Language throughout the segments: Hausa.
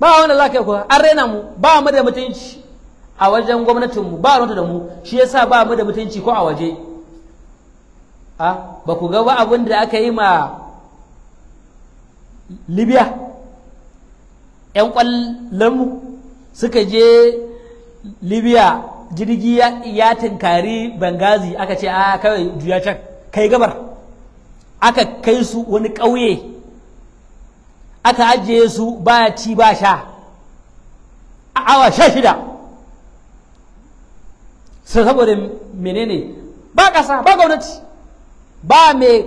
ba wanda za ka yi kuwa an rena mu ba mu da mutunci a wajen gwamnatinmu ba ruwanta da mu shi ya sa ba mu da mutunci ko a waje ba ku ga ba abin da aka yi ma libya yan kwallonmu suka je libya jirgi ya tinkari bangazi aka ce a kawai juya can kai gabar aka kai su wani ƙauye aka ajiye su baya ci ba sha a awa sha shida sai saboda menene ba ƙasa ba gwamnati ba mai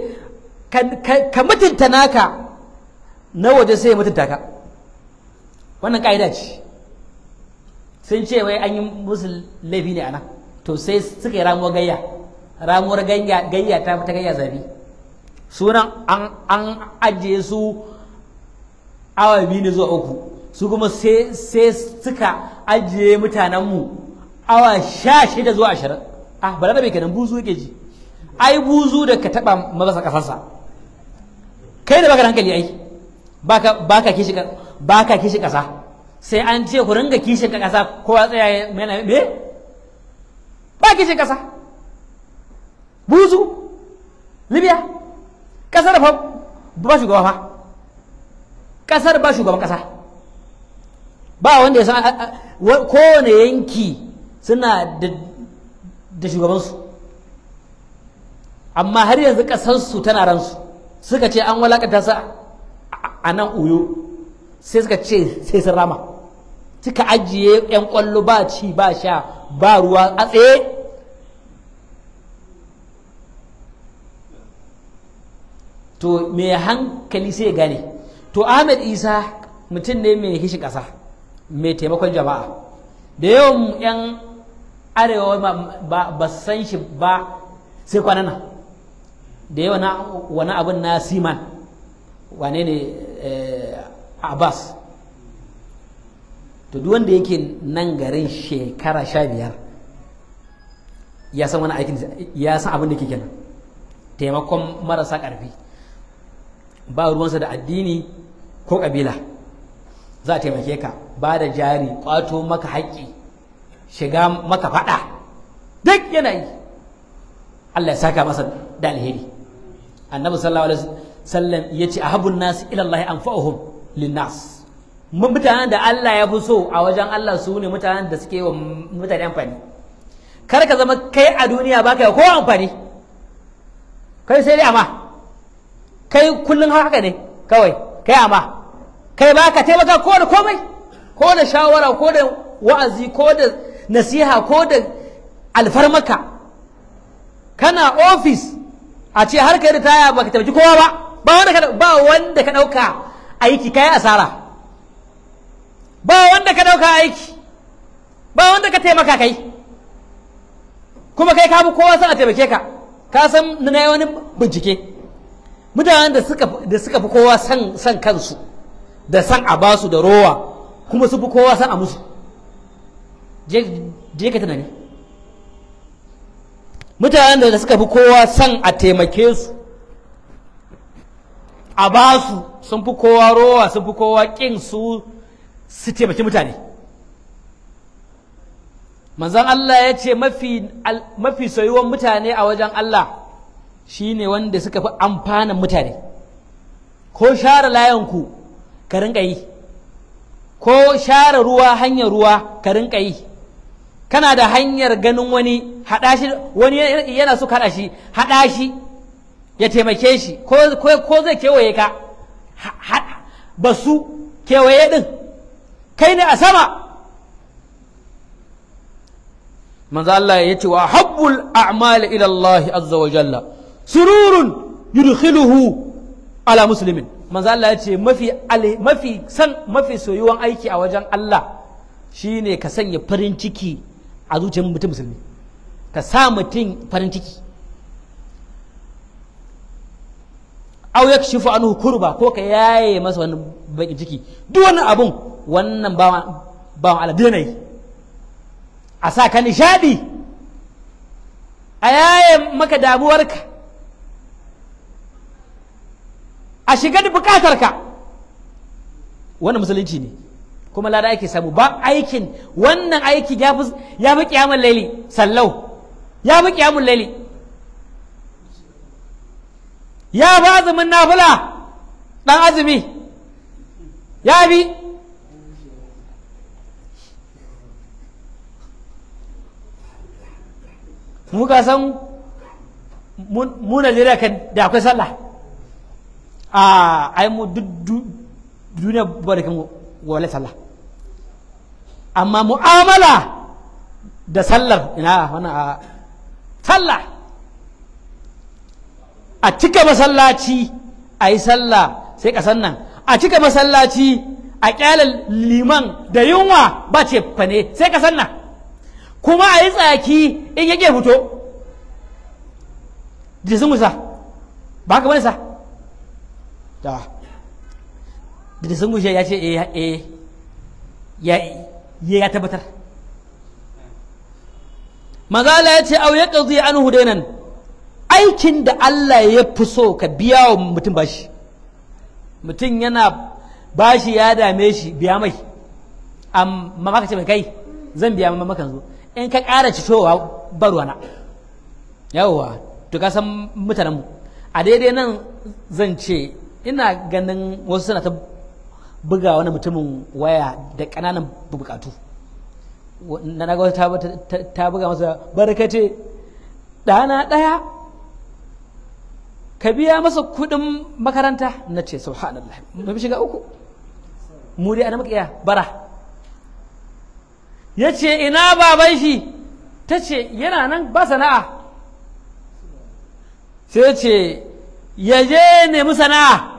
ka mutunta naka na waje sai mutunta ka wannan ƙa'ida ce sun ce wai an yi musu laifi ne a nan to sai suka yi ramuwar gayya ramuwar gayya ta gayya zafi sunan an ajiye su awa biyu ne zuwa uku su kuma sai suka ajiye mutanenmu awa sha shida zuwa ashirin A ah balarabe kenan buzu yake ji ai buzu da ka taɓa mazasa ƙasarsa kai da baka da hankali ai baka kishi baka kishi ƙasa sai an ce ku ringa kishin ƙasa kowa tsaya yana me ba kishin ƙasa buzu libya da fa ba shi gaba fa kasar ba shugaban kasa ba wanda ya san kowane yanki suna da shugabansu amma har yanzu kasarsu tana ransu suka ce an walakata su a nan uyo sai suka ce sai sun rama suka ajiye 'yan kwallo ba ci ba sha ba ruwa a tsaye to mai hankali sai gane to ahmed isa mutum ne mai kishin ƙasa mai taimakon jama'a da yawan 'yan arewa ba san shi ba sai kwanan nan da yawa wani abin na siman wane ne eh, abbas to duk wanda yake nan garin shekara sha biyar ya san wani aikin ya san abin da ke kenan taimakon marasa ƙarfi ba ruwansa da addini ko ƙabila za a taimake ka ba da jari ƙwato maka haƙƙi shiga maka faɗa duk yana yi Allah ya saka masa da alheri annabi sallallahu alaihi wasallam ya ce ahabun nas ila Allah anfa'uhum linnas mutanen da Allah ya fi so a wajen Allah su ne mutanen da suke wa mutane amfani kar ka zama kai a duniya ba ka ko amfani kai sai dai amma kai kullum haka ne kawai kai amma kai ba ka taimaka ko da komai ko da shawara ko da wa'azi ko da nasiha ko da alfarmaka kana ofis a ce har kai ritaya ba ka taimaki kowa ba ba wanda ba wanda ka ɗauka aiki kai asara ba wanda ka ɗauka aiki ba wanda ka taimaka kai kuma kai ka bi kowa sana taimake ka ka san na wani bincike mutanen da suka fi kowa san kansu da san a basu da rowa kuma su fi kowa san a musu je ka tunani mutanen da suka fi kowa san a taimake su a basu sun fi kowa rowa sun fi kowa ƙin su su taimaki mutane manzan Allah ya ce mafi soyuwan mutane a wajen Allah Shi ne wanda suka fi amfanan mutane ko share layanku ka rinka yi ko share ruwa hanyar ruwa ka rinka yi kana da hanyar ganin wani wani yana so haɗa shi haɗa shi ya taimake shi ko zai kewaye ka ba kewaye ɗin kai ne a sama manzo Allah ya ce wa habbul a'mal ila Allah azza wa jalla sururun yudkhiluhu ala muslimin manzo Allah ya ce mafi mafi san mafi soyuwan aiki a wajen Allah shine ka sanya farin ciki a zuciyar mutum musulmi ka sa mutum farin ciki aw yakshifu anhu kurba ko ka yaye masa wani bakin ciki duk wani abun wannan ba ba Allah dena yi a sa ka nishadi a yaye maka damuwarka a shiga da bukatar ka wannan musulunci ne kuma lada ake samu ba aikin wannan aiki ya fi kiyamun laili sallau ya fi kiyamun laili ya fi azumin nafula dan azumi ya bi muka san muna lira da akwai sallah a ai mu duk duniya ba da kanku wale sallah amma mu'amala da sallar ina wani a sallah a cika masallaci a yi sallah sai kasan nan a cika masallaci a kyala liman da yunwa ba ce fane sai kasan nan kuma a yi tsaki in yake fito jisun musa ba ka wani sa ta da sun gushe ya ce eh, eh ya tabbatar mazala ya ce au ya ƙazi an hudainan aikin da Allah ya fi so ka biya wa mutum bashi mutum yana bashi ya dame shi biya mai amma maka ce mai kai zan biya ma makan zo in ka ƙara citowa na yawwa to ka san mutanenmu a daidai nan zan ce ina ganin wasu suna ta buga wani mutumin waya da ƙananan bukatu na naga wata ta buga masa barkace ɗana ɗaya ka biya masa kuɗin makaranta na ce subhanallah mafi shiga uku muri a ana makiya bara ya ce ina baban shi ta ce yana nan ba sana'a sai ce ya je nemi sana'a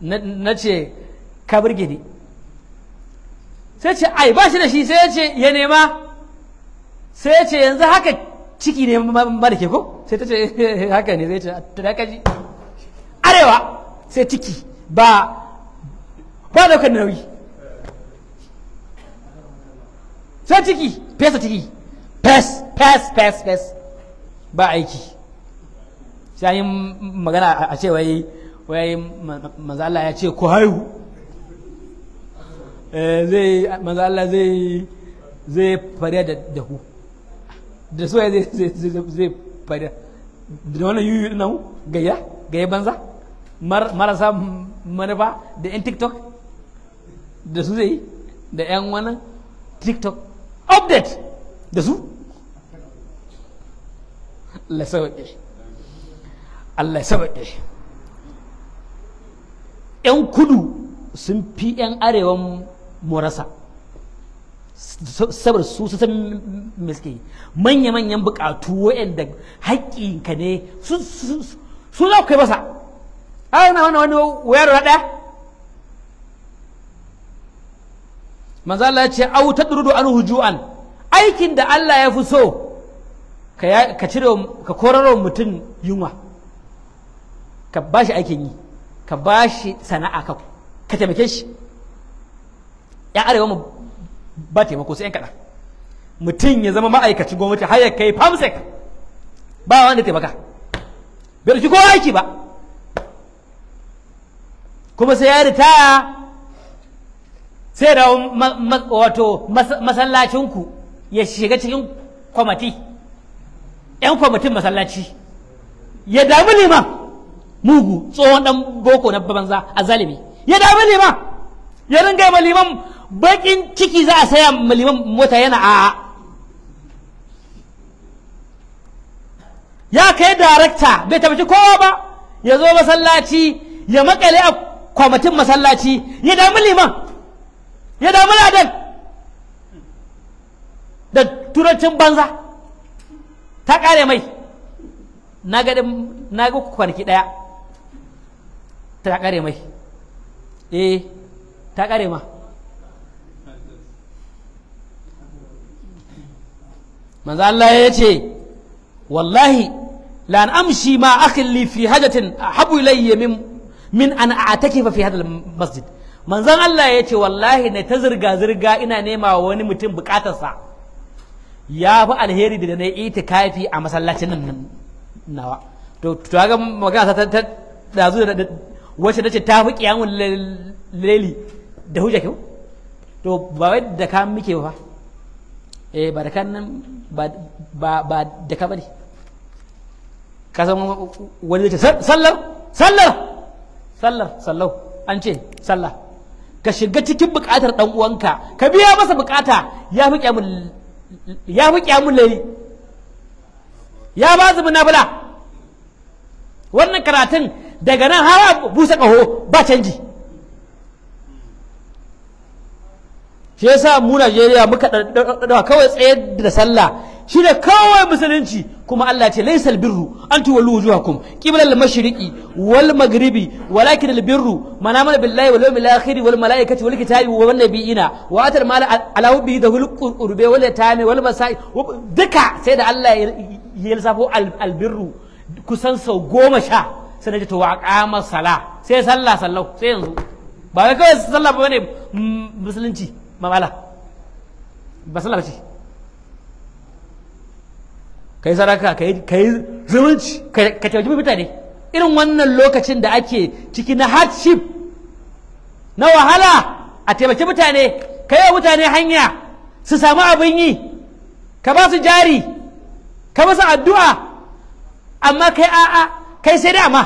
na ce ka burge sai ce ai ba shi da shi sai ya ce ya nema sai ya ce yanzu haka ciki ne ba da ke ko sai ta ce eh, haka ne zai ce ta kaji arewa sai ciki ba ba daukar nauyi sai ciki fesa ciki fes fes fes fes ba aiki sai yi magana a ce wai wai manzo ya ce ku haihu eh, zai manzo zai zai fare da da ku da so zai zai fare da wannan yuyu din nan gaya gaya banza marasa manufa da yan tiktok da su zai da yan wani tiktok update da su la sauƙi Allah ya ɗaya ‘yan kudu sun fi ‘yan arewan morasa saba su su san miske manya-manyan bukatu waɗanda haƙƙinka ne su za ku kai masa ana wani wani wayar ɗaya manzo Allah ya ce au tadrudu an hujuan aikin da Allah ya fi so ka cire ka korarwa mutum yunwa ka ba shi aikin yi ka ba shi sana'a ka ka taimake shi ya arewa mu ba taimako sai yan kaɗan mutum ya zama ma'aikacin gwamnati har ya kai famsek ba wanda taimaka bai ɗauki kowa aiki ba kuma sai ya ritaya sai da wato masallacinku ya shiga cikin kwamati 'yan kwamitin masallaci ya damu liman mugu tsohon dan boko na banza a zalimi ya dami liman ya ringa ma liman bakin ciki za a saya ma liman mota yana a ya kai darakta bai tabbaci kowa ba ya zo masallaci ya makale a kwamitin masallaci ya dami liman ya dami ladan da turancin banza ta kare mai na ga kwanaki daya ta kare mai eh ta kare ma manzo Allah ya ce wallahi la amshi ma akhli fi hajatin habu ilayya min min an a'takifa fi hadha masjid manzon Allah ya ce wallahi na ta zirga zirga ina nema wani mutum bukatarsa ya fi alheri da na itikafi a masallacin nan nawa to to ga magana ta dazu da wacce ta ce ta fi kiyamun laili da hujja kyau to ba wai da ka muke ba eh ba da ka nan ba da ka bari ka san wani zai ce sallar sallar sallar sallar an ce Sallar. ka shiga cikin bukatar dan uwanka ka biya masa bukata ya fi kiyamun ya fi laili ya ba zubi na bula wannan karatun daga nan hawa busa kaho ba canji shi yasa mu Najeriya muka da kawai tsaye da sallah shi ne kawai musulunci kuma Allah ce laisal birru an tuwallu wujuhakum qiblal mashriqi wal maghribi walakin al birru mana mana billahi wal yawmil akhir wal malaikati wal kitabi wan nabiyina wa atal mal ala hubbi dahul qurbe wal tami wal masai duka sai da Allah ya lissafo al birru kusan sau goma sha sai na ji to wa kama sala sai sallah sallau sai yanzu ba wai kawai sallah ba ne mm, musulunci mamala ba sallah ce yi sadaka ka yi zumunci ka taimaki mutane irin wannan lokacin da ake ciki na hardship na wahala a taimaki mutane ka yi mutane hanya su samu abin yi ka ba su jari ka ba su addu'a amma kai a'a kai sai dama amma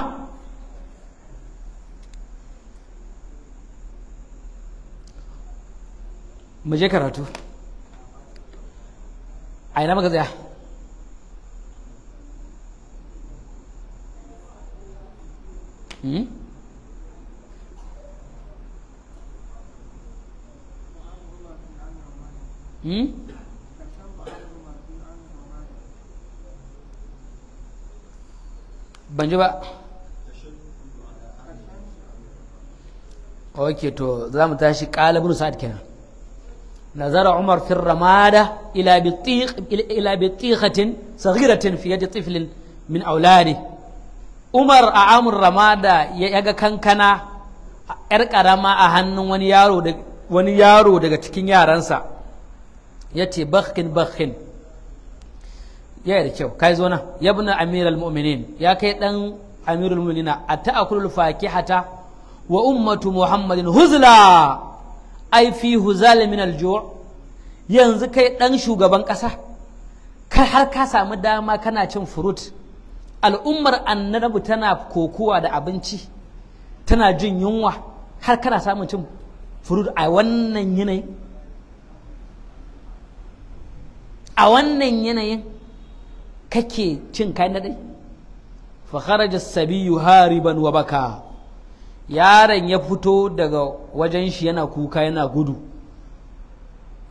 mu je karatu a ina maka tsaya Hmm? hmm? ban ji ba ok to za mu tashi ƙalibin sa'ad kenan nazara umar fi ramada ila bi tihatin saghiratin fiye da tiflin min auladi umar a amun ramada ya ga kankana yar karama a hannun wani yaro daga cikin yaransa ya ce bakhin bakhin ya da kyau kai zo nan yabna amiral mu'minin ya kai dan amirul mu'minina ata'kulul fakihata wa ummatu muhammadin huzla ai fi huzal min yanzu kai dan shugaban kasa kai har ka samu dama kana cin furut al'ummar annabu tana kokowa da abinci tana jin yunwa har kana samun cin furut a wannan yanayin a wannan yanayin kake cin na dai fa kharaja sabiyu hariban wa baka yaron ya fito daga wajen shi yana kuka yana gudu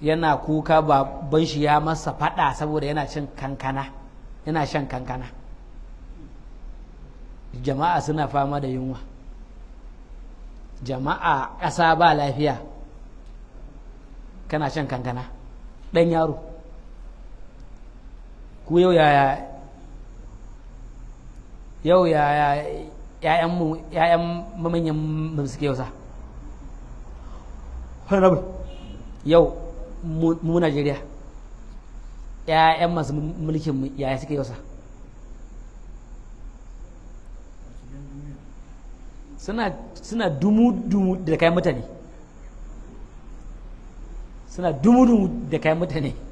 yana kuka baban shi ya masa faɗa saboda yana cin kankana yana shan kankana jama'a suna fama da yunwa jama'a ƙasa ba lafiya kana shan kankana ɗan yaro ku yau yaya yau yaya ‘ya'yan mu ‘ya'yan mamanyan mu suke yausa yau mu mu Najeriya ‘ya'yan masu mulkin mu yaya suke sa suna dumu-dumu da kai mutane suna dumu-dumu da kai mutane